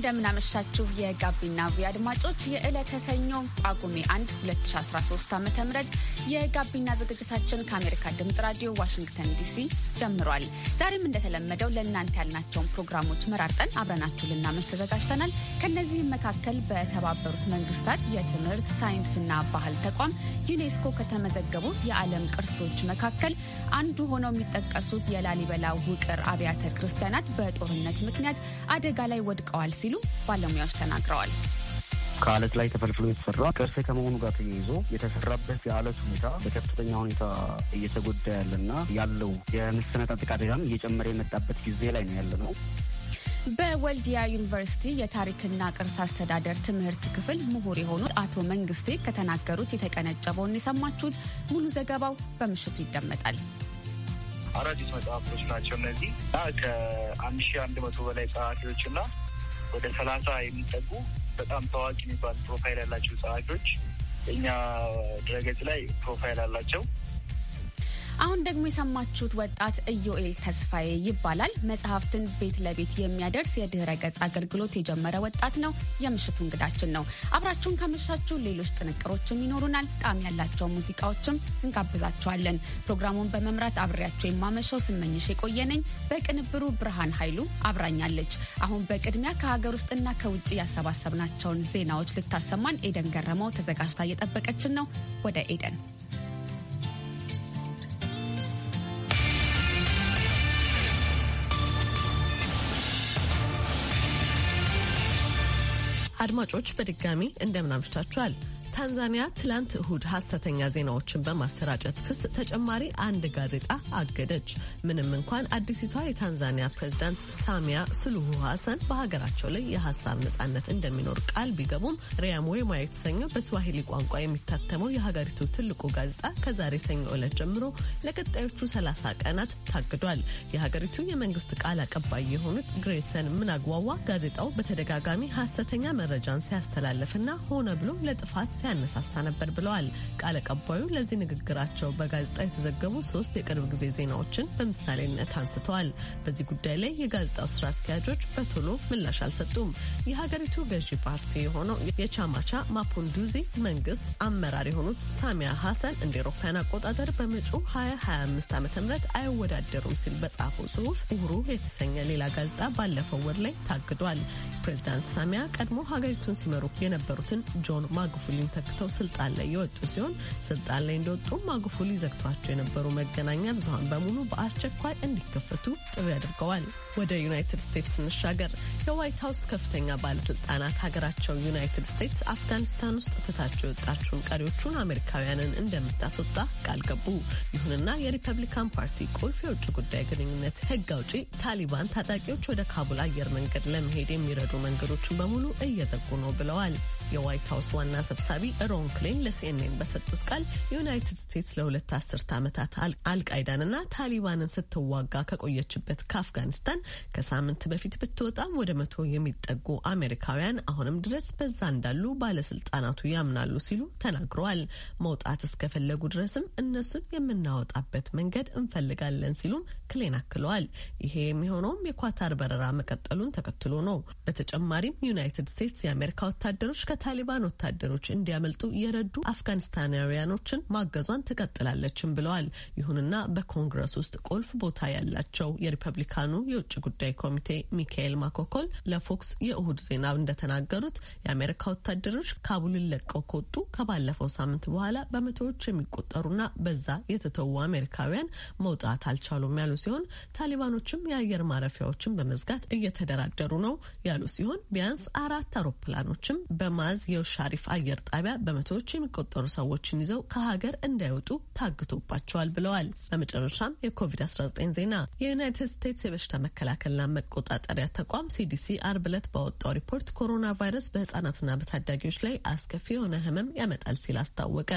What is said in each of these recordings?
እንደምናመሻችሁ የጋቢና ቪ አድማጮች የዕለተ ሰኞ ጳጉሜ 1 2013 ዓ ም የጋቢና ዝግጅታችን ከአሜሪካ ድምፅ ራዲዮ ዋሽንግተን ዲሲ ጀምሯል። ዛሬም እንደተለመደው ለእናንተ ያልናቸውን ፕሮግራሞች መራርጠን አብረናችሁ ልናመሽ ተዘጋጅተናል። ከእነዚህም መካከል በተባበሩት መንግስታት የትምህርት ሳይንስና ባህል ተቋም ዩኔስኮ ከተመዘገቡ የዓለም ቅርሶች መካከል አንዱ ሆነው የሚጠቀሱት የላሊበላ ውቅር አብያተ ክርስቲያናት በጦርነት ምክንያት አደጋ ላይ ወድቀዋል ሲል ሲሉ ባለሙያዎች ተናግረዋል። ከአለት ላይ ተፈልፍሎ የተሰራ ቅርሴ ከመሆኑ ጋር ተያይዞ የተሰራበት የአለት ሁኔታ በከፍተኛ ሁኔታ እየተጎዳ ያለና ያለው የመሰነጣጠቅ አደጋም እየጨመረ የመጣበት ጊዜ ላይ ነው ያለ ነው። በወልዲያ ዩኒቨርሲቲ የታሪክና ቅርስ አስተዳደር ትምህርት ክፍል ምሁር የሆኑት አቶ መንግስቴ ከተናገሩት የተቀነጨበውን የሰማችሁት። ሙሉ ዘገባው በምሽቱ ይደመጣል። አዳዲስ መጽሐፍቶች ናቸው እነዚህ ከአንድ ሺህ አንድ መቶ በላይ ጸሐፊዎችና ወደ ሰላሳ የሚጠጉ በጣም ታዋቂ የሚባሉ ፕሮፋይል ያላቸው ጸሐፊዎች እኛ ድረገጽ ላይ ፕሮፋይል አላቸው። አሁን ደግሞ የሰማችሁት ወጣት ኢዮኤል ተስፋዬ ይባላል። መጽሐፍትን ቤት ለቤት የሚያደርስ የድህረ ገጽ አገልግሎት የጀመረ ወጣት ነው። የምሽቱ እንግዳችን ነው። አብራችሁን ካመሻችሁ ሌሎች ጥንቅሮችም ይኖሩናል። ጣዕም ያላቸው ሙዚቃዎችም እንጋብዛችኋለን። ፕሮግራሙን በመምራት አብሬያቸው የማመሸው ስመኝሽ የቆየነኝ፣ በቅንብሩ ብርሃን ኃይሉ አብራኛለች። አሁን በቅድሚያ ከሀገር ውስጥና ከውጭ ያሰባሰብናቸውን ዜናዎች ልታሰማን ኤደን ገረመው ተዘጋጅታ እየጠበቀችን ነው። ወደ ኤደን አድማጮች በድጋሚ እንደምናምሽታችኋል። ታንዛኒያ ትላንት እሁድ ሀሰተኛ ዜናዎችን በማሰራጨት ክስ ተጨማሪ አንድ ጋዜጣ አገደች። ምንም እንኳን አዲሲቷ የታንዛኒያ ፕሬዝዳንት ሳሚያ ስሉሁ ሀሰን በሀገራቸው ላይ የሀሳብ ነጻነት እንደሚኖር ቃል ቢገቡም ሪያሞዌማ የተሰኘው በስዋሂሊ ቋንቋ የሚታተመው የሀገሪቱ ትልቁ ጋዜጣ ከዛሬ ሰኞ ዕለት ጀምሮ ለቀጣዮቹ 30 ቀናት ታግዷል። የሀገሪቱ የመንግስት ቃል አቀባይ የሆኑት ግሬሰን ምናግዋዋ ጋዜጣው በተደጋጋሚ ሀሰተኛ መረጃን ሲያስተላልፍና ሆነ ብሎ ለጥፋት ያነሳሳ ነበር ብለዋል። ቃል አቀባዩ ለዚህ ንግግራቸው በጋዜጣ የተዘገቡ ሶስት የቅርብ ጊዜ ዜናዎችን በምሳሌነት አንስተዋል። በዚህ ጉዳይ ላይ የጋዜጣው ስራ አስኪያጆች በቶሎ ምላሽ አልሰጡም። የሀገሪቱ ገዢ ፓርቲ የሆነው የቻማቻ ማፑንዱዚ መንግስት አመራር የሆኑት ሳሚያ ሀሰን እንደ ኤሮፓያን አቆጣጠር በመጪው 2025 ዓ ም አይወዳደሩም ሲል በጻፈው ጽሁፍ ሩ የተሰኘ ሌላ ጋዜጣ ባለፈው ወር ላይ ታግዷል። ፕሬዚዳንት ሳሚያ ቀድሞ ሀገሪቱን ሲመሩ የነበሩትን ጆን ማጉፉሊን ተክተው ስልጣን ላይ የወጡ ሲሆን ስልጣን ላይ እንደወጡ ማጉፉሊ ዘግቷቸው የነበሩ መገናኛ ብዙሀን በሙሉ በአስቸኳይ እንዲከፈቱ ጥሪ አድርገዋል። ወደ ዩናይትድ ስቴትስ እንሻገር። የዋይት ሀውስ ከፍተኛ ባለስልጣናት ሀገራቸው ዩናይትድ ስቴትስ አፍጋኒስታን ውስጥ ትታቸው የወጣችውን ቀሪዎቹን አሜሪካውያንን እንደምታስወጣ ቃል ገቡ። ይሁንና የሪፐብሊካን ፓርቲ ቁልፍ የውጭ ጉዳይ ግንኙነት ህግ አውጪ ታሊባን ታጣቂዎች ወደ ካቡል አየር መንገድ ለመሄድ የሚረዱ መንገዶችን በሙሉ እየዘጉ ነው ብለዋል። የዋይት ሀውስ ዋና ሰብሳቢ ሮን ክሌን ለሲኤንኤን በሰጡት ቃል ዩናይትድ ስቴትስ ለሁለት አስርት ዓመታት አልቃይዳንና ታሊባንን ስትዋጋ ከቆየችበት ከአፍጋኒስታን ከሳምንት በፊት ብትወጣም ወደ መቶ የሚጠጉ አሜሪካውያን አሁንም ድረስ በዛ እንዳሉ ባለስልጣናቱ ያምናሉ ሲሉ ተናግረዋል። መውጣት እስከፈለጉ ድረስም እነሱን የምናወጣበት መንገድ እንፈልጋለን ሲሉም ክሌን አክለዋል። ይሄ የሚሆነውም የኳታር በረራ መቀጠሉን ተከትሎ ነው። በተጨማሪም ዩናይትድ ስቴትስ የአሜሪካ ወታደሮች ከታሊባን ወታደሮች እንዲያመልጡ የረዱ አፍጋኒስታናውያኖችን ማገዟን ትቀጥላለችም ብለዋል። ይሁንና በኮንግረስ ውስጥ ቁልፍ ቦታ ያላቸው የሪፐብሊካኑ የውጭ ጉዳይ ኮሚቴ ሚካኤል ማኮኮል ለፎክስ የእሁድ ዜና እንደተናገሩት የአሜሪካ ወታደሮች ካቡልን ለቀው ከወጡ ከባለፈው ሳምንት በኋላ በመቶዎች የሚቆጠሩና በዛ የተተዉ አሜሪካውያን መውጣት አልቻሉም ያሉ ሲሆን ታሊባኖችም የአየር ማረፊያዎችን በመዝጋት እየተደራደሩ ነው ያሉ ሲሆን ቢያንስ አራት አውሮፕላኖችም በማ በናዝ የውሻሪፍ አየር ጣቢያ በመቶዎች የሚቆጠሩ ሰዎችን ይዘው ከሀገር እንዳይወጡ ታግቶባቸዋል ብለዋል። በመጨረሻም የኮቪድ-19 ዜና የዩናይትድ ስቴትስ የበሽታ መከላከልና መቆጣጠሪያ ተቋም ሲዲሲ አርብ ዕለት ባወጣው ሪፖርት ኮሮና ቫይረስ በህጻናትና በታዳጊዎች ላይ አስከፊ የሆነ ህመም ያመጣል ሲል አስታወቀ።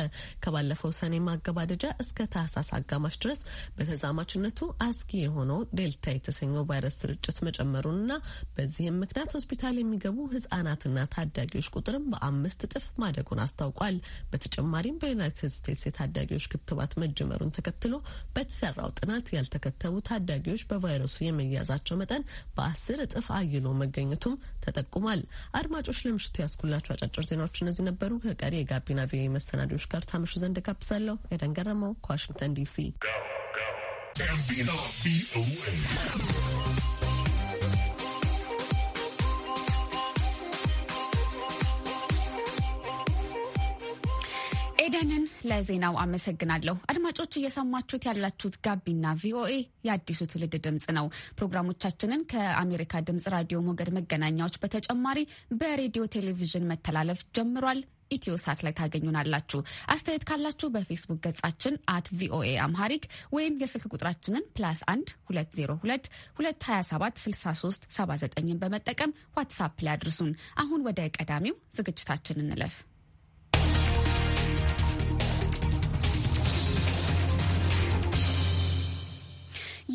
ከባለፈው ሰኔ ማገባደጃ እስከ ታህሳስ አጋማሽ ድረስ በተዛማችነቱ አስጊ የሆነው ዴልታ የተሰኘው ቫይረስ ስርጭት መጨመሩንና በዚህም ምክንያት ሆስፒታል የሚገቡ ህጻናትና ታዳጊዎች ቁጥርም ቁጥርም በአምስት እጥፍ ማደጉን አስታውቋል። በተጨማሪም በዩናይትድ ስቴትስ የታዳጊዎች ክትባት መጀመሩን ተከትሎ በተሰራው ጥናት ያልተከተቡ ታዳጊዎች በቫይረሱ የመያዛቸው መጠን በአስር እጥፍ አይሎ መገኘቱም ተጠቁሟል። አድማጮች ለምሽቱ ያስኩላቸው አጫጭር ዜናዎች እነዚህ ነበሩ። ከቀሪ የጋቢና ቪኦኤ መሰናዶዎች ጋር ታመሹ ዘንድ ጋብዛለሁ። ኤደን ገረመው ከዋሽንግተን ዲሲ። ኤደንን ለዜናው አመሰግናለሁ። አድማጮች እየሰማችሁት ያላችሁት ጋቢና ቪኦኤ የአዲሱ ትውልድ ድምፅ ነው። ፕሮግራሞቻችንን ከአሜሪካ ድምፅ ራዲዮ ሞገድ መገናኛዎች በተጨማሪ በሬዲዮ ቴሌቪዥን መተላለፍ ጀምሯል። ኢትዮ ሳት ላይ ታገኙናላችሁ። አስተያየት ካላችሁ በፌስቡክ ገጻችን አት ቪኦኤ አምሃሪክ ወይም የስልክ ቁጥራችንን ፕላስ 1 202 227 79 በመጠቀም ዋትሳፕ ላይ አድርሱን። አሁን ወደ ቀዳሚው ዝግጅታችን እንለፍ።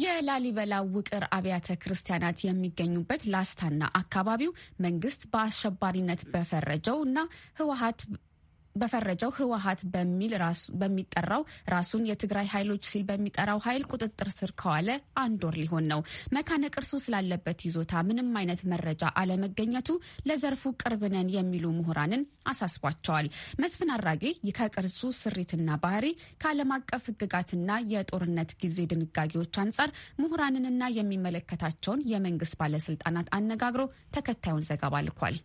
የላሊበላ ውቅር አብያተ ክርስቲያናት የሚገኙበት ላስታና አካባቢው መንግስት በአሸባሪነት በፈረጀው እና ህወሀት በፈረጀው ህወሀት በሚል በሚጠራው ራሱን የትግራይ ኃይሎች ሲል በሚጠራው ኃይል ቁጥጥር ስር ከዋለ አንድ ወር ሊሆን ነው። መካነ ቅርሱ ስላለበት ይዞታ ምንም አይነት መረጃ አለመገኘቱ ለዘርፉ ቅርብነን የሚሉ ምሁራንን አሳስቧቸዋል። መስፍን አራጌ ከቅርሱ ስሪትና ባህሪ ከዓለም አቀፍ ህግጋትና የጦርነት ጊዜ ድንጋጌዎች አንጻር ምሁራንንና የሚመለከታቸውን የመንግስት ባለስልጣናት አነጋግሮ ተከታዩን ዘገባ ልኳል።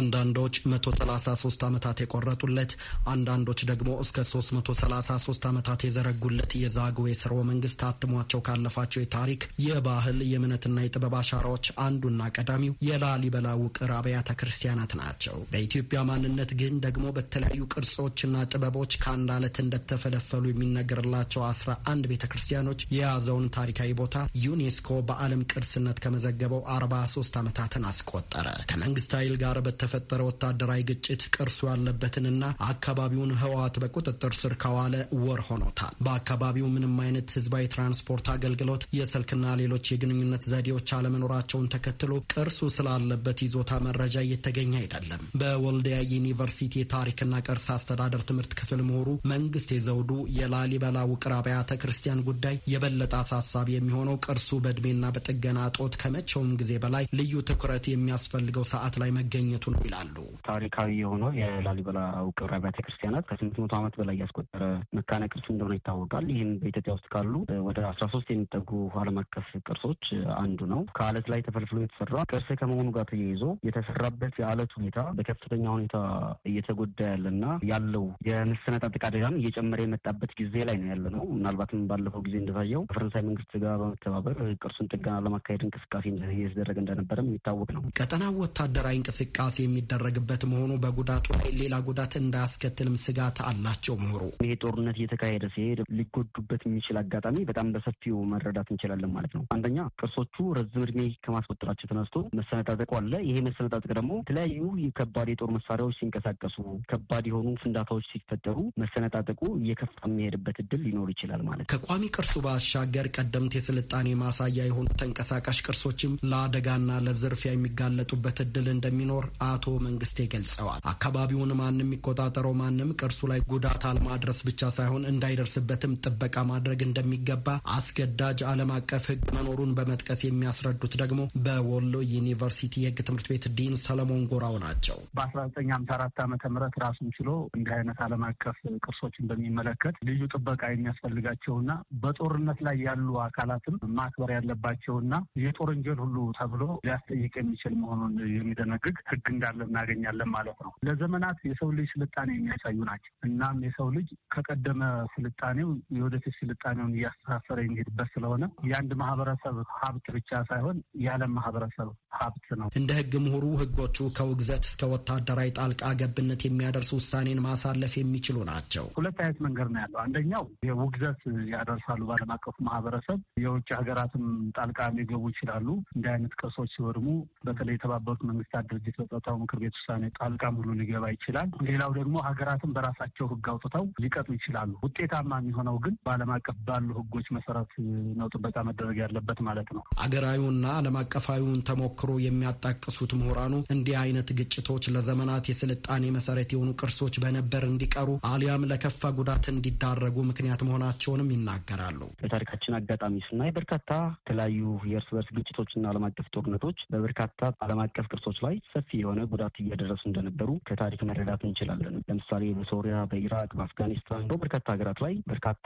አንዳንዶች 133 ዓመታት የቆረጡለት አንዳንዶች ደግሞ እስከ 333 ዓመታት የዘረጉለት የዛግዌ ስርወ መንግስት አትሟቸው ካለፋቸው የታሪክ የባህል የእምነትና የጥበብ አሻራዎች አንዱና ቀዳሚው የላሊበላ ውቅር አብያተ ክርስቲያናት ናቸው። በኢትዮጵያ ማንነት ግን ደግሞ በተለያዩ ቅርጾችና ጥበቦች ከአንድ አለት እንደተፈለፈሉ የሚነገርላቸው 11 ቤተ ክርስቲያኖች የያዘውን ታሪካዊ ቦታ ዩኔስኮ በዓለም ቅርስነት ከመዘገበው 43 ዓመታትን አስቆጠረ። ከመንግስት ኃይል ጋር በተፈጠረ ወታደራዊ ግጭት ቅርሱ ያለበትንና አካባቢውን ህወሓት በቁጥጥር ስር ከዋለ ወር ሆኖታል። በአካባቢው ምንም አይነት ህዝባዊ ትራንስፖርት አገልግሎት፣ የስልክና ሌሎች የግንኙነት ዘዴዎች አለመኖራቸውን ተከትሎ ቅርሱ ስላለበት ይዞታ መረጃ እየተገኘ አይደለም። በወልዲያ ዩኒቨርሲቲ የታሪክና ቅርስ አስተዳደር ትምህርት ክፍል ምሁሩ መንግስት የዘውዱ የላሊበላ ውቅር አብያተ ክርስቲያን ጉዳይ የበለጠ አሳሳቢ የሚሆነው ቅርሱ በእድሜና በጥገና እጦት ከመቼውም ጊዜ በላይ ልዩ ትኩረት የሚያስፈልገው ሰዓት ላይ መገኘቱ ነው ይላሉ። ታሪካዊ የሆነው የላሊበላ ውቅር አብያተ ክርስቲያናት ከስምንት መቶ ዓመት በላይ ያስቆጠረ መካነ እንደሆነ ይታወቃል። ይህም በኢትዮጵያ ውስጥ ካሉ ወደ አስራ ሶስት የሚጠጉ ዓለም አቀፍ ቅርሶች አንዱ ነው። ከአለት ላይ ተፈልፍሎ የተሰራ ቅርስ ከመሆኑ ጋር ተያይዞ የተሰራበት የአለት ሁኔታ በከፍተኛ ሁኔታ እየተጎዳ ያለና ያለው የመሰነጣጠቅ አደጋም እየጨመረ የመጣበት ጊዜ ላይ ነው ያለ ነው። ምናልባትም ባለፈው ጊዜ እንደታየው ከፈረንሳይ መንግስት ጋር በመተባበር ቅርሱን ጥገና ለማካሄድ እንቅስቃሴ እየተደረገ እንደነበረም የሚታወቅ ነው። ቀጠናው ወታደራዊ እንቅስቃሴ የሚደረግበት መሆኑ በጉዳቱ ላይ ሌላ ጉዳት እንዳያስከትልም ስጋት አላቸው ምሁሩ። ይሄ ጦርነት እየተካሄደ ሲሄድ ሊጎዱበት የሚችል አጋጣሚ በጣም በሰፊው መረዳት እንችላለን ማለት ነው። አንደኛ ቅርሶቹ ረዝም እድሜ ከማስቆጠራቸው ተነስቶ መሰነጣጠቁ አለ። ይሄ መሰነጣጠቅ ደግሞ የተለያዩ ከባድ የጦር መሳሪያዎች ሲንቀሳቀሱ፣ ከባድ የሆኑ ፍንዳታዎች ሲፈጠሩ መሰነጣጠቁ እየከፋ የሚሄድበት እድል ሊኖር ይችላል ማለት ነው። ከቋሚ ቅርሱ ባሻገር ቀደምት የስልጣኔ ማሳያ የሆኑ ተንቀሳቃሽ ቅርሶችም ለአደጋና ለዝርፊያ የሚጋለጡበት እድል እንደሚኖር አቶ መንግስቴ ገልጸዋል። አካባቢውን ማንም የሚቆጣጠረው ማንም ቅርሱ ላይ ጉዳት አለማድረስ ብቻ ሳይሆን እንዳይደርስበትም ጥበቃ ማድረግ እንደሚገባ አስገዳጅ ዓለም አቀፍ ሕግ መኖሩን በመጥቀስ የሚያስረዱት ደግሞ በወሎ ዩኒቨርሲቲ የሕግ ትምህርት ቤት ዲን ሰለሞን ጎራው ናቸው። በ1954 ዓ ም ራሱን ችሎ እንዲህ አይነት ዓለም አቀፍ ቅርሶችን በሚመለከት ልዩ ጥበቃ የሚያስፈልጋቸውና በጦርነት ላይ ያሉ አካላትም ማክበር ያለባቸውና የጦር ወንጀል ሁሉ ተብሎ ሊያስጠይቅ የሚችል መሆኑን የሚደነግግ ሕግ እንዳለ እናገኛለን ማለት ነው። ለዘመናት የሰው ልጅ ስልጣኔ የሚያሳዩ ናቸው። እናም የሰው ልጅ ከቀደመ ስልጣኔው የወደፊት ስልጣኔውን እያስተሳሰረ የሚሄድበት ስለሆነ የአንድ ማህበረሰብ ሀብት ብቻ ሳይሆን የዓለም ማህበረሰብ ሀብት ነው። እንደ ህግ ምሁሩ ህጎቹ ከውግዘት እስከ ወታደራዊ ጣልቃ ገብነት የሚያደርስ ውሳኔን ማሳለፍ የሚችሉ ናቸው። ሁለት አይነት መንገድ ነው ያለው። አንደኛው ውግዘት ያደርሳሉ በዓለም አቀፉ ማህበረሰብ የውጭ ሀገራትም ጣልቃ ሊገቡ ይችላሉ። እንደ አይነት ቀሶች ሲወድሙ በተለይ የተባበሩት መንግስታት ድርጅት በጸጥታው ምክር ቤት ውሳኔ ጣልቃ ሙሉ ሊገባ ይችላል። ሌላው ደግሞ ሀገራትን በራሳቸው ህግ አውጥተው ሊቀጡ ይችላሉ። ውጤታማ የሚሆነው ግን በዓለም አቀፍ ባሉ ህጎች መሰረት ነው ጥበቃ መደረግ ያለበት ማለት ነው። አገራዊውና ዓለም አቀፋዊውን ተሞክሮ የሚያጣቅሱት ምሁራኑ እንዲህ አይነት ግጭቶች ለዘመናት የስልጣኔ መሰረት የሆኑ ቅርሶች በነበር እንዲቀሩ አሊያም ለከፋ ጉዳት እንዲዳረጉ ምክንያት መሆናቸውንም ይናገራሉ። በታሪካችን አጋጣሚ ስናይ በርካታ የተለያዩ የእርስ በርስ ግጭቶችና ዓለም አቀፍ ጦርነቶች በበርካታ ዓለም አቀፍ ቅርሶች ላይ ሰፊ የሆነ ጉዳት እያደረሱ እንደነበሩ ከታሪክ መረዳት እንችላለን። ለምሳሌ በሶሪያ፣ በኢራቅ፣ በአፍጋኒስታን በበርካታ ሀገራት ላይ በርካታ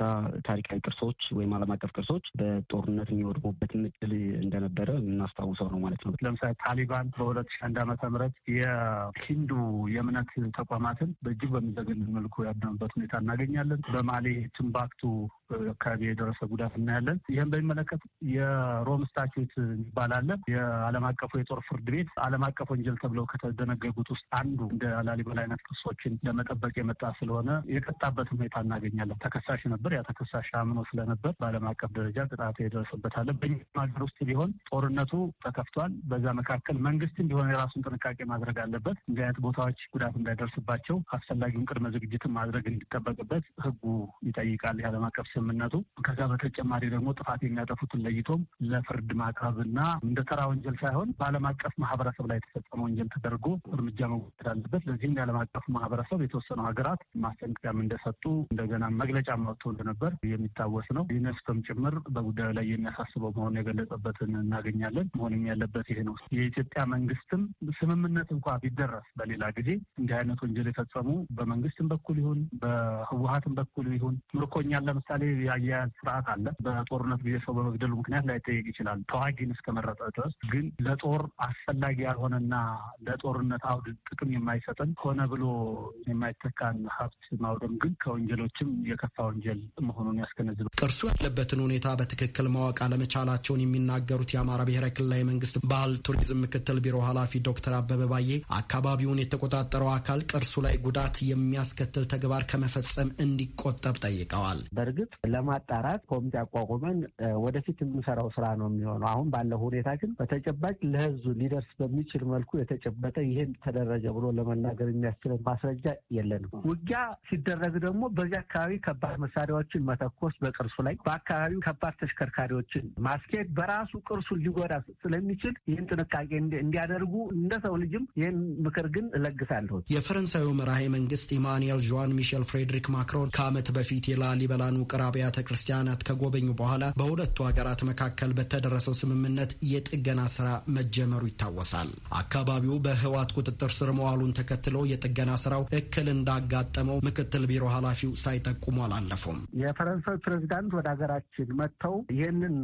ታሪካዊ ቅርሶች ወይም ዓለም አቀፍ ቅርሶች በጦርነት የሚወድሙበት ምድል እንደነበረ የምናስታውሰው ነው ማለት ነው። ለምሳሌ ታሊባን በሁለት ሺህ አንድ ዓመተ ምህረት የሂንዱ የእምነት ተቋማትን በእጅግ በሚዘገንን መልኩ ያደኑበት ሁኔታ እናገኛለን። በማሌ ቲምባክቱ አካባቢ የደረሰ ጉዳት እናያለን። ይህም በሚመለከት የሮም ስታቹት ይባላል የዓለም አቀፉ የጦር ፍርድ ቤት ዓለም አቀፍ ወንጀል ተብለው ከተደነገጉት ውስጥ አንዱ እንደ ላሊበላ አይነት ክሶችን ለመጠበቅ የመጣ ስለሆነ የቀጣበት ሁኔታ እናገኛለን። ተከሳሽ ነበር። ያ ተከሳሽ አምኖ ስለነበር በዓለም አቀፍ ደረጃ ቅጣት የደረሰበታል። በኛ ሀገር ውስጥ ቢሆን ጦርነቱ ተከፍቷል። በዛ መካከል መንግስት እንዲሆነ የራሱን ጥንቃቄ ማድረግ አለበት። እንዲህ አይነት ቦታዎች ጉዳት እንዳይደርስባቸው አስፈላጊውን ቅድመ ዝግጅትን ማድረግ እንዲጠበቅበት ህጉ ይጠይቃል። የዓለም አቀፍ ስምምነቱ ከዛ በተጨማሪ ደግሞ ጥፋት የሚያጠፉትን ለይቶም ለፍርድ ማቅረብና እንደ ተራ ወንጀል ሳይሆን በዓለም አቀፍ ማህበረሰብ ላይ የተፈጸመ ወንጀል ተደርጎ እርምጃ መወሰድ አለበት። ለዚህም የዓለም አቀፍ ማህበረሰብ የተወሰኑ ሀገራት ማስጠንቀቂያም እንደሰጡ እንደገና መግለጫ መጥቶ እንደነበር የሚታወስ ነው። ዩኔስኮም ጭምር በጉዳዩ ላይ የሚያሳስበው መሆኑን የገለጸበትን እናገኛለን። መሆንም ያለበት ይሄ ነው። የኢትዮጵያ መንግስትም ስምምነት እንኳ ቢደረስ በሌላ ጊዜ እንዲህ አይነት ወንጀል የፈጸሙ በመንግስትም በኩል ይሁን በህወሀትም በኩል ይሁን ምርኮኛን ለምሳሌ የአያያዝ ስርዓት አለ። በጦርነት ጊዜ ሰው በመግደሉ ምክንያት ላይጠየቅ ይችላል። ተዋጊን እስከመረጠ ድረስ ግን ለጦር አስፈላጊ ያልሆነና ለጦርነት አውድ ጥቅም የማይሰጥን ሆነ ብሎ የማይተካን ሀብት ማውደም ግን ከወንጀሎችም የከፋ ወንጀል መሆኑን ያስገነዝበ ቅርሱ ያለበትን ሁኔታ በትክክል ማወቅ አለመቻላቸውን የሚናገሩት የአማራ ብሔራዊ ክልላዊ መንግስት ባህል ቱሪዝም ምክትል ቢሮ ኃላፊ ዶክተር አበበ ባዬ አካባቢውን የተቆጣጠረው አካል ቅርሱ ላይ ጉዳት የሚያስከትል ተግባር ከመፈጸም እንዲቆጠብ ጠይቀዋል። በእርግጥ ለማጣራት ኮሚቴ አቋቁመን ወደፊት የምሰራው ስራ ነው የሚሆነው። አሁን ባለው ሁኔታ ግን በተጨባጭ ለህዝቡ ሊደርስ በሚችል መልኩ የተጨባ በተለይ ይህን ተደረገ ብሎ ለመናገር የሚያስችለን ማስረጃ የለንም። ውጊያ ሲደረግ ደግሞ በዚህ አካባቢ ከባድ መሳሪያዎችን መተኮስ፣ በቅርሱ ላይ በአካባቢው ከባድ ተሽከርካሪዎችን ማስኬድ በራሱ ቅርሱን ሊጎዳ ስለሚችል ይህን ጥንቃቄ እንዲያደርጉ እንደ ሰው ልጅም ይህን ምክር ግን እለግሳለሁ። የፈረንሳዩ መራሄ መንግስት ኢማኑኤል ዣን ሚሼል ፍሬድሪክ ማክሮን ከዓመት በፊት የላሊበላን ውቅር አብያተ ክርስቲያናት ከጎበኙ በኋላ በሁለቱ ሀገራት መካከል በተደረሰው ስምምነት የጥገና ስራ መጀመሩ ይታወሳል። አካባቢው በ በህወሓት ቁጥጥር ስር መዋሉን ተከትሎ የጥገና ስራው እክል እንዳጋጠመው ምክትል ቢሮ ኃላፊው ሳይጠቁሙ አላለፉም። የፈረንሳዊ ፕሬዚዳንት ወደ ሀገራችን መጥተው ይህንን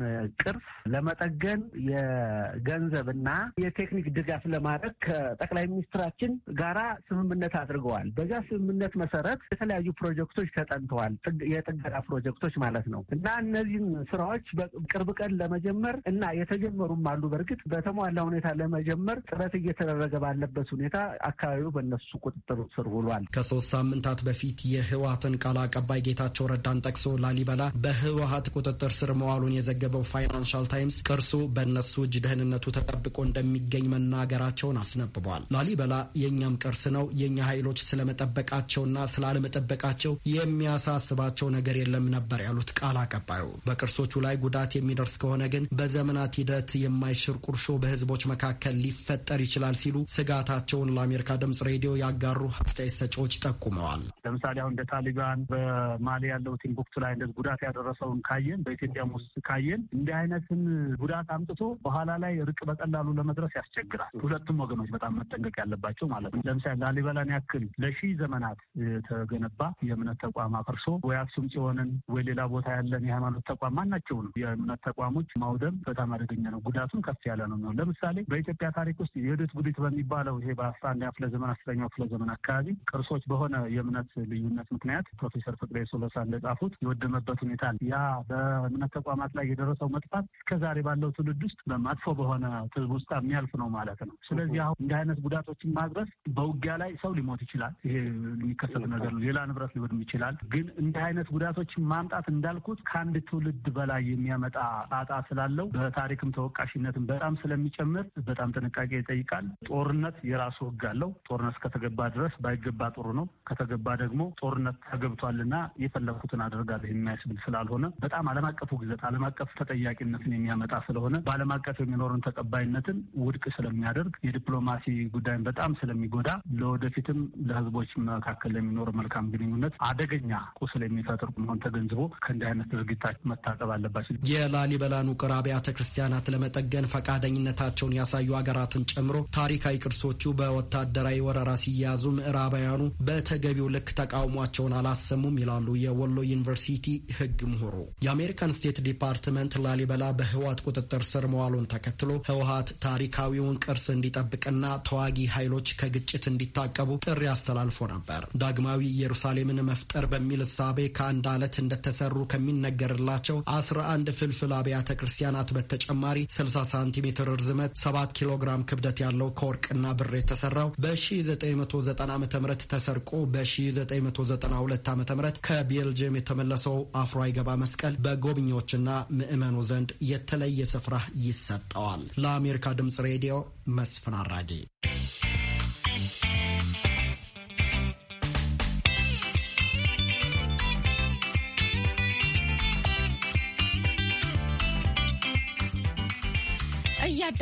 ቅርስ ለመጠገን የገንዘብ እና የቴክኒክ ድጋፍ ለማድረግ ከጠቅላይ ሚኒስትራችን ጋራ ስምምነት አድርገዋል። በዚያ ስምምነት መሰረት የተለያዩ ፕሮጀክቶች ተጠንተዋል። የጥገና ፕሮጀክቶች ማለት ነው እና እነዚህን ስራዎች በቅርብ ቀን ለመጀመር እና የተጀመሩም አሉ በእርግጥ በተሟላ ሁኔታ ለመጀመር ጥረት እየተደረገ ባለበት ሁኔታ አካባቢው በእነሱ ቁጥጥር ስር ውሏል። ከሶስት ሳምንታት በፊት የህወሀትን ቃል አቀባይ ጌታቸው ረዳን ጠቅሶ ላሊበላ በህወሀት ቁጥጥር ስር መዋሉን የዘገበው ፋይናንሻል ታይምስ ቅርሱ በእነሱ እጅ ደህንነቱ ተጠብቆ እንደሚገኝ መናገራቸውን አስነብቧል። ላሊበላ የእኛም ቅርስ ነው። የእኛ ኃይሎች ስለመጠበቃቸውና ስላለመጠበቃቸው የሚያሳስባቸው ነገር የለም ነበር ያሉት ቃል አቀባዩ በቅርሶቹ ላይ ጉዳት የሚደርስ ከሆነ ግን በዘመናት ሂደት የማይሽር ቁርሾ በህዝቦች መካከል ሊፈጠር ይችላል ሲሉ ስጋታቸውን ለአሜሪካ ድምጽ ሬዲዮ ያጋሩ አስተያየት ሰጪዎች ጠቁመዋል። ለምሳሌ አሁን እንደ ታሊባን በማሊ ያለው ቲምቡክቱ ላይ እንደ ጉዳት ያደረሰውን ካየን፣ በኢትዮጵያም ውስጥ ካየን እንዲህ አይነትን ጉዳት አምጥቶ በኋላ ላይ ርቅ በቀላሉ ለመድረስ ያስቸግራል። ሁለቱም ወገኖች በጣም መጠንቀቅ ያለባቸው ማለት ነው። ለምሳሌ ላሊበላን ያክል ለሺህ ዘመናት የተገነባ የእምነት ተቋም አፈርሶ ወይ አክሱም ጽዮንን ወይ ሌላ ቦታ ያለን የሃይማኖት ተቋም ነው የእምነት ተቋሞች ማውደም በጣም አደገኛ ነው። ጉዳቱን ከፍ ያለ ነው። ለምሳሌ በኢትዮጵያ ታሪክ ውስጥ የዱት ጉዲት በሚ የሚባለው ይሄ በአስራ አንድ ክፍለ ዘመን አስረኛው ክፍለ ዘመን አካባቢ ቅርሶች በሆነ የእምነት ልዩነት ምክንያት ፕሮፌሰር ፍቅሬ ሶሎሳ እንደጻፉት የወደመበት ሁኔታ ያ በእምነት ተቋማት ላይ የደረሰው መጥፋት እስከዛሬ ባለው ትውልድ ውስጥ በማጥፎ በሆነ ትብ ውስጥ የሚያልፍ ነው ማለት ነው። ስለዚህ አሁን እንዲህ አይነት ጉዳቶችን ማድረስ በውጊያ ላይ ሰው ሊሞት ይችላል። ይሄ የሚከሰት ነገር ነው። ሌላ ንብረት ሊወድም ይችላል። ግን እንዲህ አይነት ጉዳቶችን ማምጣት እንዳልኩት ከአንድ ትውልድ በላይ የሚያመጣ ጣጣ ስላለው በታሪክም ተወቃሽነትን በጣም ስለሚጨምር በጣም ጥንቃቄ ይጠይቃል። ጦርነት የራሱ ህግ አለው። ጦርነት ከተገባ ድረስ ባይገባ ጥሩ ነው። ከተገባ ደግሞ ጦርነት ተገብቷልና የፈለግኩትን አደርጋለሁ የሚያስብል ስላልሆነ በጣም ዓለም አቀፉ ግዘት ዓለም አቀፍ ተጠያቂነትን የሚያመጣ ስለሆነ በዓለም አቀፍ የሚኖርን ተቀባይነትን ውድቅ ስለሚያደርግ የዲፕሎማሲ ጉዳይን በጣም ስለሚጎዳ ለወደፊትም ለህዝቦች መካከል ለሚኖር መልካም ግንኙነት አደገኛ ቁስል የሚፈጥር መሆን ተገንዝቦ ከእንዲህ አይነት ድርጊታች መታቀብ አለባቸው። የላሊበላን ውቅር አብያተ ክርስቲያናት ለመጠገን ፈቃደኝነታቸውን ያሳዩ ሀገራትን ጨምሮ ታሪካዊ ጥንታዊ ቅርሶቹ በወታደራዊ ወረራ ሲያዙ ምዕራባውያኑ በተገቢው ልክ ተቃውሟቸውን አላሰሙም ይላሉ የወሎ ዩኒቨርሲቲ ሕግ ምሁሩ። የአሜሪካን ስቴት ዲፓርትመንት ላሊበላ በህወሀት ቁጥጥር ስር መዋሉን ተከትሎ ህወሀት ታሪካዊውን ቅርስ እንዲጠብቅና ተዋጊ ኃይሎች ከግጭት እንዲታቀቡ ጥሪ አስተላልፎ ነበር። ዳግማዊ ኢየሩሳሌምን መፍጠር በሚል እሳቤ ከአንድ አለት እንደተሰሩ ከሚነገርላቸው 11 ፍልፍል አብያተ ክርስቲያናት በተጨማሪ 60 ሳንቲሜትር ርዝመት 7 ኪሎ ግራም ክብደት ያለው ከወርቅ ወርቅና ብር የተሰራው በ1990 ዓ ም ተሰርቆ በ1992 ዓ ም ከቤልጅየም የተመለሰው አፍሮ አይገባ መስቀል በጎብኚዎችና ምዕመኑ ዘንድ የተለየ ስፍራ ይሰጠዋል። ለአሜሪካ ድምፅ ሬዲዮ መስፍን አራጌ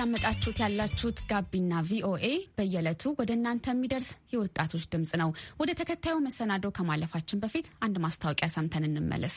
እያዳመጣችሁት ያላችሁት ጋቢና ቪኦኤ በየዕለቱ ወደ እናንተ የሚደርስ የወጣቶች ድምፅ ነው። ወደ ተከታዩ መሰናዶ ከማለፋችን በፊት አንድ ማስታወቂያ ሰምተን እንመለስ።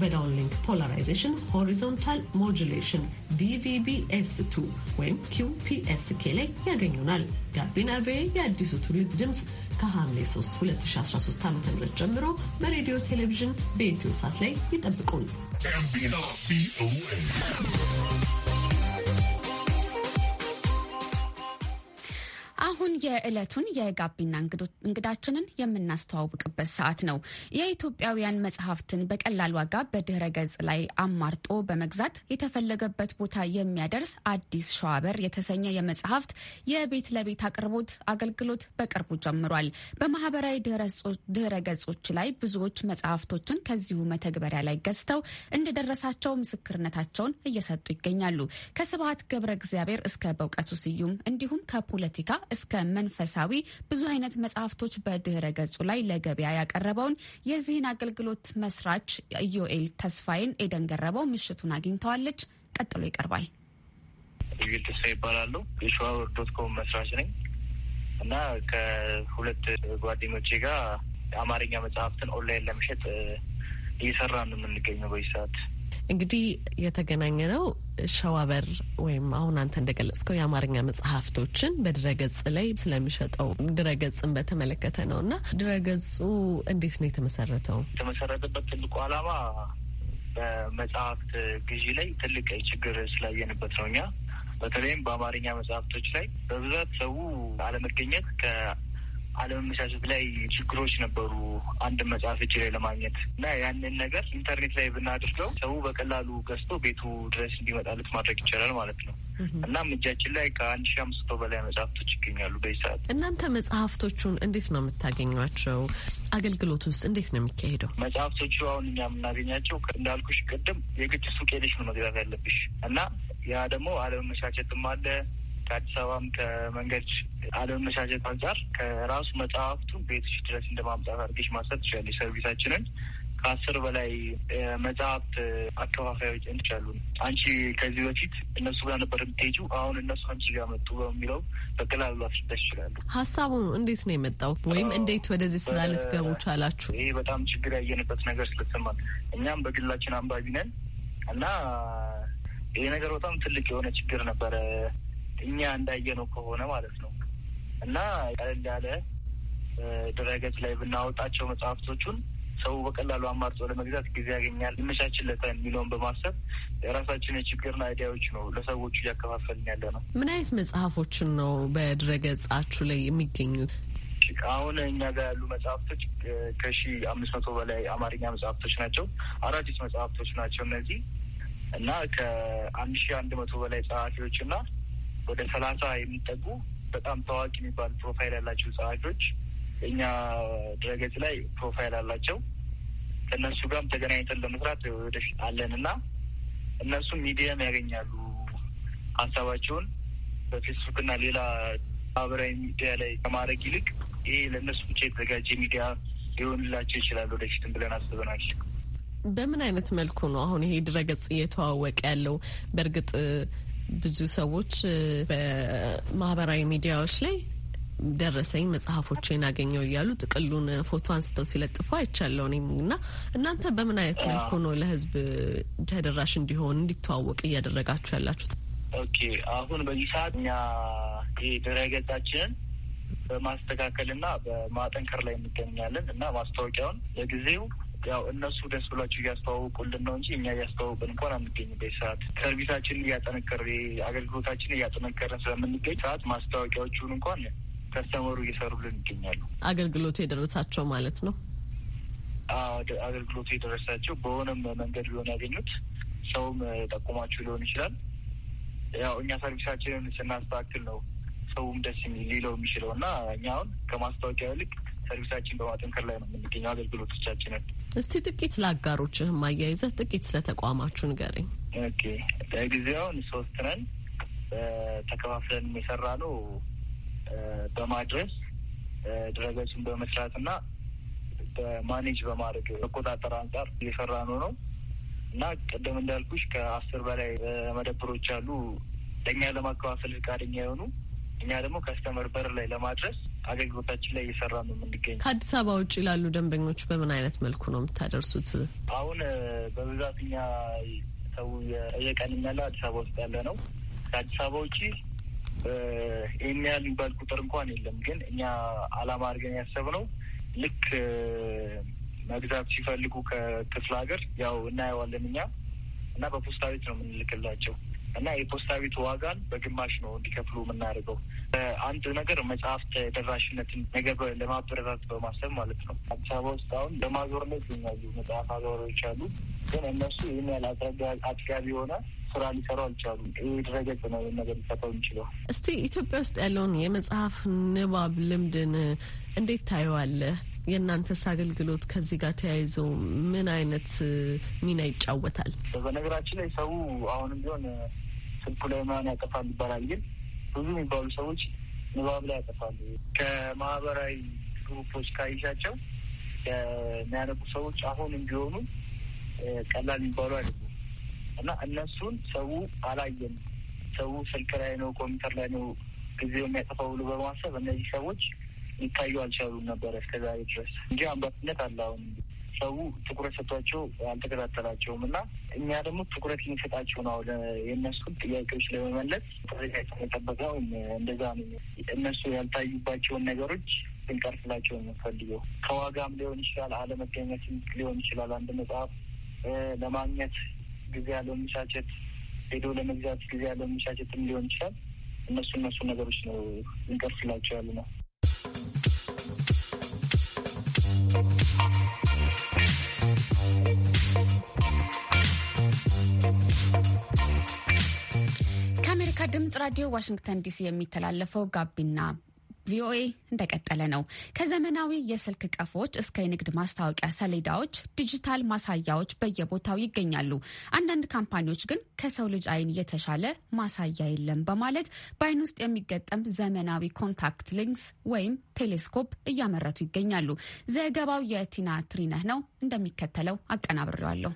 በዳውን ሊንክ ፖላራይዜሽን ሆሪዞንታል ሞጁሌሽን ዲቪቢኤስ2 ወይም ኪውፒኤስኬ ላይ ያገኙናል። ጋቢና ቬ የአዲሱ ትውልድ ድምፅ ከሐምሌ 3 2013 ዓ ም ጀምሮ በሬዲዮ ቴሌቪዥን በኢትዮ ሳት ላይ ይጠብቁን። አሁን የዕለቱን የጋቢና እንግዳችንን የምናስተዋውቅበት ሰዓት ነው። የኢትዮጵያውያን መጽሐፍትን በቀላል ዋጋ በድህረ ገጽ ላይ አማርጦ በመግዛት የተፈለገበት ቦታ የሚያደርስ አዲስ ሸዋበር የተሰኘ የመጽሐፍት የቤት ለቤት አቅርቦት አገልግሎት በቅርቡ ጀምሯል። በማህበራዊ ድህረ ገጾች ላይ ብዙዎች መጽሐፍቶችን ከዚሁ መተግበሪያ ላይ ገዝተው እንደደረሳቸው ምስክርነታቸውን እየሰጡ ይገኛሉ። ከስብሀት ገብረ እግዚአብሔር እስከ በውቀቱ ስዩም እንዲሁም ከፖለቲካ እስከ እስከ መንፈሳዊ ብዙ አይነት መጽሐፍቶች በድህረ ገጹ ላይ ለገበያ ያቀረበውን የዚህን አገልግሎት መስራች ኢዮኤል ተስፋዬን ኤደን ገረበው ምሽቱን አግኝተዋለች። ቀጥሎ ይቀርባል። ኢዮኤል ተስፋ ይባላሉ። የሸዋ ዶት ኮም መስራች ነኝ እና ከሁለት ጓደኞቼ ጋር የአማርኛ መጽሐፍትን ኦንላይን ለመሸጥ እየሰራ ነው የምንገኘው በዚህ ሰዓት። እንግዲህ የተገናኘ ነው ሸዋበር ወይም አሁን አንተ እንደገለጽከው የአማርኛ መጽሐፍቶችን በድረገጽ ላይ ስለሚሸጠው ድረገጽን በተመለከተ ነው እና ድረገጹ እንዴት ነው የተመሰረተው? የተመሰረተበት ትልቁ ዓላማ በመጽሐፍት ግዢ ላይ ትልቅ ችግር ስላየንበት ነው። እኛ በተለይም በአማርኛ መጽሐፍቶች ላይ በብዛት ሰው አለመገኘት ከ አለመመቻቸት ላይ ችግሮች ነበሩ። አንድ መጽሐፍ እጅ ላይ ለማግኘት እና ያንን ነገር ኢንተርኔት ላይ ብናድርገው ሰው በቀላሉ ገዝቶ ቤቱ ድረስ እንዲመጣለት ማድረግ ይቻላል ማለት ነው። እናም እጃችን ላይ ከአንድ ሺ አምስት መቶ በላይ መጽሐፍቶች ይገኛሉ በዚህ ሰዓት። እናንተ መጽሐፍቶቹን እንዴት ነው የምታገኟቸው? አገልግሎት ውስጥ እንዴት ነው የሚካሄደው? መጽሐፍቶቹ አሁን እኛ የምናገኛቸው እንዳልኩሽ ቅድም የግድ ሱቅ ሄደሽ ነው መግዛት ያለብሽ እና ያ ደግሞ አለመመቻቸትም አለ ከአዲስ አበባም ከመንገድ አለመመቻቸት አንጻር ከራሱ መጽሐፍቱን ቤትሽ ድረስ እንደ ማምጣት አድርገሽ ማሰብ ትችላለሽ። ሰርቪሳችንን ከአስር በላይ መጽሐፍት አከፋፋዮች እንችላሉ። አንቺ ከዚህ በፊት እነሱ ጋር ነበር የምትሄጂው፣ አሁን እነሱ አንቺ ጋር መጡ በሚለው በቀላሉ ላስደስ ይችላሉ። ሀሳቡ እንዴት ነው የመጣው? ወይም እንዴት ወደዚህ ስራ ልትገቡ ቻላችሁ? ይሄ በጣም ችግር ያየንበት ነገር ስለተሰማል። እኛም በግላችን አንባቢ ነን እና ይሄ ነገር በጣም ትልቅ የሆነ ችግር ነበረ። እኛ እንዳየነው ከሆነ ማለት ነው እና ቀለል ያለ ድረገጽ ላይ ብናወጣቸው መጽሐፍቶቹን ሰው በቀላሉ አማርጦ ለመግዛት ጊዜ ያገኛል፣ ይመቻችለታል የሚለውን በማሰብ የራሳችን የችግርና አይዲያዎች ነው ለሰዎቹ እያከፋፈልን ያለ ነው። ምን አይነት መጽሐፎችን ነው በድረገጻችሁ ላይ የሚገኙት? አሁን እኛ ጋር ያሉ መጽሐፍቶች ከሺ አምስት መቶ በላይ አማርኛ መጽሐፍቶች ናቸው። አዳዲስ መጽሐፍቶች ናቸው እነዚህ እና ከአንድ ሺ አንድ መቶ በላይ ጸሐፊዎች ወደ ሰላሳ የሚጠጉ በጣም ታዋቂ የሚባሉ ፕሮፋይል ያላቸው ጸሐፊዎች እኛ ድረገጽ ላይ ፕሮፋይል አላቸው። ከእነሱ ጋርም ተገናኝተን ለመስራት ወደፊት አለን እና እነሱም ሚዲያም ያገኛሉ ሀሳባቸውን በፌስቡክ እና ሌላ ማህበራዊ ሚዲያ ላይ ከማድረግ ይልቅ ይሄ ለእነሱ ብቻ የተዘጋጀ ሚዲያ ሊሆንላቸው ይችላል ወደፊትም ብለን አስበናል። በምን አይነት መልኩ ነው አሁን ይሄ ድረገጽ እየተዋወቀ ያለው? በእርግጥ ብዙ ሰዎች በማህበራዊ ሚዲያዎች ላይ ደረሰኝ መጽሐፎችን አገኘው እያሉ ጥቅሉን ፎቶ አንስተው ሲለጥፉ አይቻለሁ እኔም እና እናንተ በምን አይነት መልኩ ነው ለህዝብ ተደራሽ እንዲሆን እንዲተዋወቅ እያደረጋችሁ ያላችሁት? ኦኬ አሁን በዚህ ሰዓት እኛ ይህ በማስተካከል በማስተካከልና በማጠንከር ላይ እንገኛለን እና ማስታወቂያውን ለጊዜው ያው እነሱ ደስ ብሏቸው እያስተዋውቁልን ነው እንጂ እኛ እያስተዋውቅን እንኳን አንገኝበት ሰዓት ሰርቪሳችንን እያጠነከር አገልግሎታችን እያጠነከርን ስለምንገኝ ሰዓት ማስታወቂያዎቹን እንኳን ከስተመሩ እየሰሩልን ይገኛሉ። አገልግሎቱ የደረሳቸው ማለት ነው። አገልግሎቱ የደረሳቸው በሆነም መንገድ ሊሆን ያገኙት ሰውም ጠቁማችሁ ሊሆን ይችላል። ያው እኛ ሰርቪሳችንን ስናስተካክል ነው ሰውም ደስ ሊለው የሚችለው እና እኛ አሁን ከማስታወቂያ ይልቅ ሰርቪሳችን በማጠንከር ላይ ነው የምንገኘው አገልግሎቶቻችንን። እስቲ ጥቂት ለአጋሮችህም አያይዘህ ጥቂት ስለተቋማችሁ ንገረኝ። ኦኬ ጊዜውን ሶስት ነን ተከፋፍለን የሰራ ነው በማድረስ ድረገጹን በመስራት እና በማኔጅ በማድረግ መቆጣጠር አንጻር እየሰራ ነው ነው እና ቀደም እንዳልኩሽ ከአስር በላይ መደብሮች አሉ ለእኛ ለማከፋፈል ፈቃደኛ የሆኑ እኛ ደግሞ ከስተመር በር ላይ ለማድረስ አገልግሎታችን ላይ እየሰራ ነው የምንገኘው። ከአዲስ አበባ ውጭ ላሉ ደንበኞች በምን አይነት መልኩ ነው የምታደርሱት? አሁን በብዛት እኛ ሰው የቀን ያለ አዲስ አበባ ውስጥ ያለ ነው። ከአዲስ አበባ ውጭ ይህን ያህል የሚባል ቁጥር እንኳን የለም። ግን እኛ አላማ አድርገን ያሰብነው ልክ መግዛት ሲፈልጉ ከክፍለ ሀገር ያው እናየዋለን እኛ እና በፖስታ ቤት ነው የምንልክላቸው እና የፖስታ ቤት ዋጋን በግማሽ ነው እንዲከፍሉ የምናደርገው። አንድ ነገር መጽሐፍ ተደራሽነትን ነገር ለማበረታት በማሰብ ማለት ነው። አዲስ አበባ ውስጥ አሁን በማዞር ላይ ይገኛሉ መጽሐፍ አዞሪዎች አሉ። ግን እነሱ ይህን ያህል አጥጋቢ የሆነ ስራ ሊሰሩ አልቻሉም። ይህ ድረገጽ ነው ነገር ሊሰጠው የሚችለው። እስቲ ኢትዮጵያ ውስጥ ያለውን የመጽሐፍ ንባብ ልምድን እንዴት ታየዋለህ? የእናንተስ አገልግሎት ከዚህ ጋር ተያይዞ ምን አይነት ሚና ይጫወታል? በነገራችን ላይ ሰው አሁንም ቢሆን ስልኩ ላይ ማን ያጠፋል ይባላል ግን ብዙ የሚባሉ ሰዎች ንባብ ላይ ያጠፋሉ። ከማህበራዊ ግሩፖች ካይሻቸው የሚያነቁ ሰዎች አሁን እንዲሆኑ ቀላል የሚባሉ አይደሉም እና እነሱን ሰው አላየም። ሰው ስልክ ላይ ነው ኮምፒውተር ላይ ነው ጊዜው የሚያጠፋው ብሎ በማሰብ እነዚህ ሰዎች ሊታዩ አልቻሉም ነበረ እስከዛሬ ድረስ እንጂ አንባትነት አለ አሁን ሰው ትኩረት ሰጥቷቸው አልተከታተላቸውም እና እኛ ደግሞ ትኩረት ልንሰጣቸው ነው። አሁን የእነሱን ጥያቄዎች ለመመለስ ተዘጋጅተን የጠበቀው እንደዛ ነው። እነሱ ያልታዩባቸውን ነገሮች ልንቀርፍላቸው የምንፈልገው ከዋጋም ሊሆን ይችላል፣ አለመገኘትም ሊሆን ይችላል። አንድ መጽሐፍ ለማግኘት ጊዜ ያለው መቻቸት፣ ሄዶ ለመግዛት ጊዜ ያለው መቻቸትም ሊሆን ይችላል። እነሱ እነሱ ነገሮች ነው ልንቀርፍላቸው ያሉ ነው። ድምጽ ራዲዮ ዋሽንግተን ዲሲ የሚተላለፈው ጋቢና ቪኦኤ እንደቀጠለ ነው። ከዘመናዊ የስልክ ቀፎች እስከ የንግድ ማስታወቂያ ሰሌዳዎች፣ ዲጂታል ማሳያዎች በየቦታው ይገኛሉ። አንዳንድ ካምፓኒዎች ግን ከሰው ልጅ ዓይን የተሻለ ማሳያ የለም በማለት በዓይን ውስጥ የሚገጠም ዘመናዊ ኮንታክት ሊንክስ ወይም ቴሌስኮፕ እያመረቱ ይገኛሉ። ዘገባው የቲና ትሪነህ ነው፣ እንደሚከተለው አቀናብሬዋለሁ።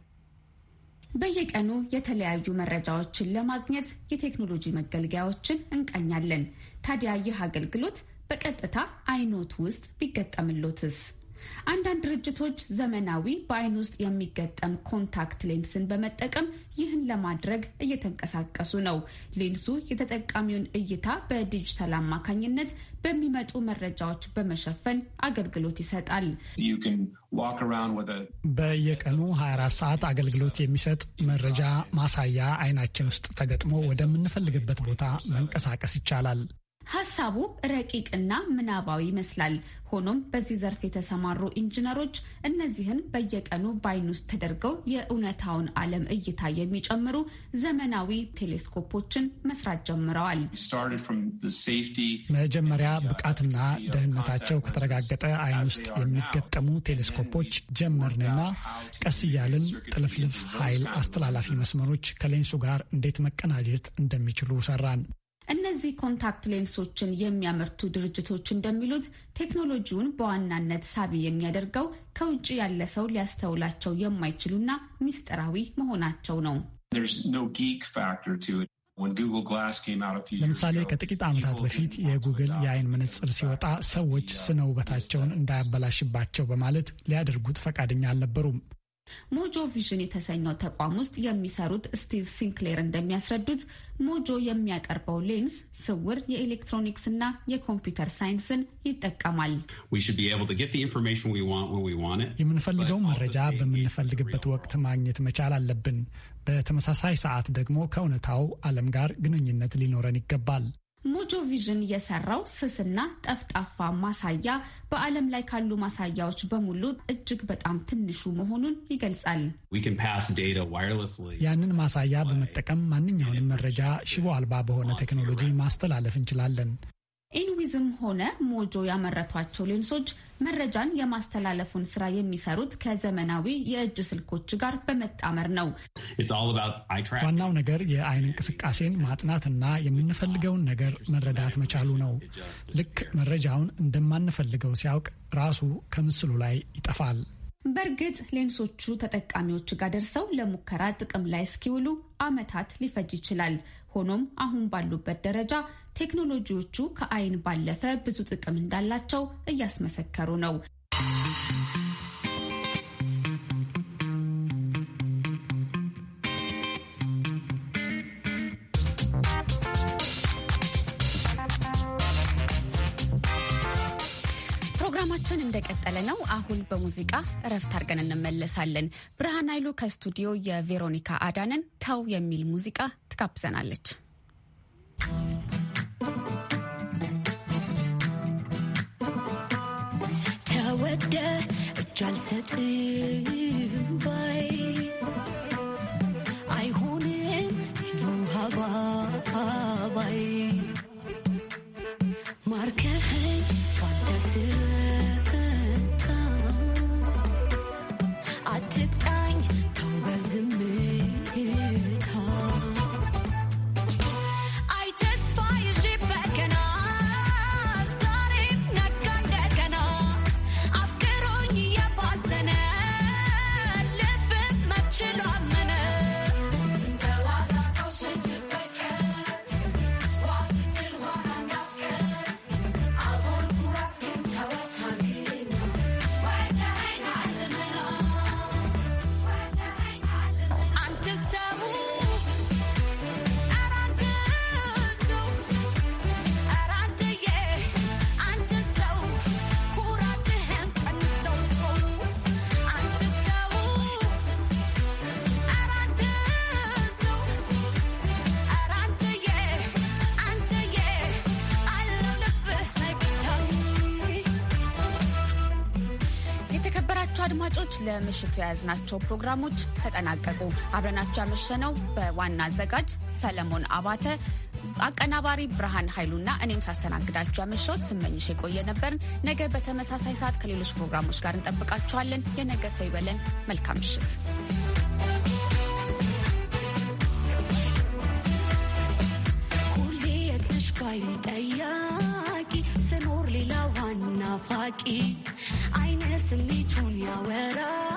በየቀኑ የተለያዩ መረጃዎችን ለማግኘት የቴክኖሎጂ መገልገያዎችን እንቃኛለን። ታዲያ ይህ አገልግሎት በቀጥታ አይኖት ውስጥ ቢገጠምሎትስ? አንዳንድ ድርጅቶች ዘመናዊ በአይን ውስጥ የሚገጠም ኮንታክት ሌንስን በመጠቀም ይህን ለማድረግ እየተንቀሳቀሱ ነው። ሌንሱ የተጠቃሚውን እይታ በዲጂታል አማካኝነት በሚመጡ መረጃዎች በመሸፈን አገልግሎት ይሰጣል። በየቀኑ 24 ሰዓት አገልግሎት የሚሰጥ መረጃ ማሳያ አይናችን ውስጥ ተገጥሞ ወደምንፈልግበት ቦታ መንቀሳቀስ ይቻላል። ሀሳቡ ረቂቅና ምናባዊ ይመስላል። ሆኖም በዚህ ዘርፍ የተሰማሩ ኢንጂነሮች እነዚህን በየቀኑ በአይን ውስጥ ተደርገው የእውነታውን ዓለም እይታ የሚጨምሩ ዘመናዊ ቴሌስኮፖችን መስራት ጀምረዋል። መጀመሪያ ብቃትና ደህንነታቸው ከተረጋገጠ አይን ውስጥ የሚገጠሙ ቴሌስኮፖች ጀመርንና ቀስ እያልን ጥልፍልፍ ኃይል አስተላላፊ መስመሮች ከሌንሱ ጋር እንዴት መቀናጀት እንደሚችሉ ሰራን። እነዚህ ኮንታክት ሌንሶችን የሚያመርቱ ድርጅቶች እንደሚሉት ቴክኖሎጂውን በዋናነት ሳቢ የሚያደርገው ከውጭ ያለ ሰው ሊያስተውላቸው የማይችሉና ሚስጥራዊ መሆናቸው ነው። ለምሳሌ ከጥቂት ዓመታት በፊት የጉግል የአይን መነጽር ሲወጣ ሰዎች ስነ ውበታቸውን እንዳያበላሽባቸው በማለት ሊያደርጉት ፈቃደኛ አልነበሩም። ሞጆ ቪዥን የተሰኘው ተቋም ውስጥ የሚሰሩት ስቲቭ ሲንክሌር እንደሚያስረዱት ሞጆ የሚያቀርበው ሌንስ ስውር የኤሌክትሮኒክስ እና የኮምፒውተር ሳይንስን ይጠቀማል። የምንፈልገውን መረጃ በምንፈልግበት ወቅት ማግኘት መቻል አለብን። በተመሳሳይ ሰዓት ደግሞ ከእውነታው ዓለም ጋር ግንኙነት ሊኖረን ይገባል። ሞጆ ቪዥን የሰራው ስስና ጠፍጣፋ ማሳያ በዓለም ላይ ካሉ ማሳያዎች በሙሉ እጅግ በጣም ትንሹ መሆኑን ይገልጻል። ያንን ማሳያ በመጠቀም ማንኛውንም መረጃ ሽቦ አልባ በሆነ ቴክኖሎጂ ማስተላለፍ እንችላለን። ኢንዊዝም ሆነ ሞጆ ያመረቷቸው ሌንሶች መረጃን የማስተላለፉን ስራ የሚሰሩት ከዘመናዊ የእጅ ስልኮች ጋር በመጣመር ነው። ዋናው ነገር የአይን እንቅስቃሴን ማጥናትና የምንፈልገውን ነገር መረዳት መቻሉ ነው። ልክ መረጃውን እንደማንፈልገው ሲያውቅ ራሱ ከምስሉ ላይ ይጠፋል። በእርግጥ ሌንሶቹ ተጠቃሚዎች ጋር ደርሰው ለሙከራ ጥቅም ላይ እስኪውሉ ዓመታት ሊፈጅ ይችላል። ሆኖም አሁን ባሉበት ደረጃ ቴክኖሎጂዎቹ ከአይን ባለፈ ብዙ ጥቅም እንዳላቸው እያስመሰከሩ ነው። ፕሮግራማችን እንደቀጠለ ነው። አሁን በሙዚቃ እረፍት አድርገን እንመለሳለን። ብርሃን ኃይሉ ከስቱዲዮ የቬሮኒካ አዳንን ተው የሚል ሙዚቃ ትጋብዘናለች። ተወደ እጅ አልሰጥም ባይ አይሆንም ሲሉ ሀባባይ ማርከ ዝፍታ አትቅጣኝ ተው በዝም ለምሽቱ የያዝናቸው ፕሮግራሞች ተጠናቀቁ። አብረናቸው ያመሸነው በዋና አዘጋጅ ሰለሞን አባተ አቀናባሪ ብርሃን ኃይሉና እኔም ሳስተናግዳችሁ ያመሸሁት ስመኝሽ የቆየ ነበርን። ነገ በተመሳሳይ ሰዓት ከሌሎች ፕሮግራሞች ጋር እንጠብቃችኋለን። የነገ ሰው ይበለን። መልካም ምሽት። I 是你重要，为了。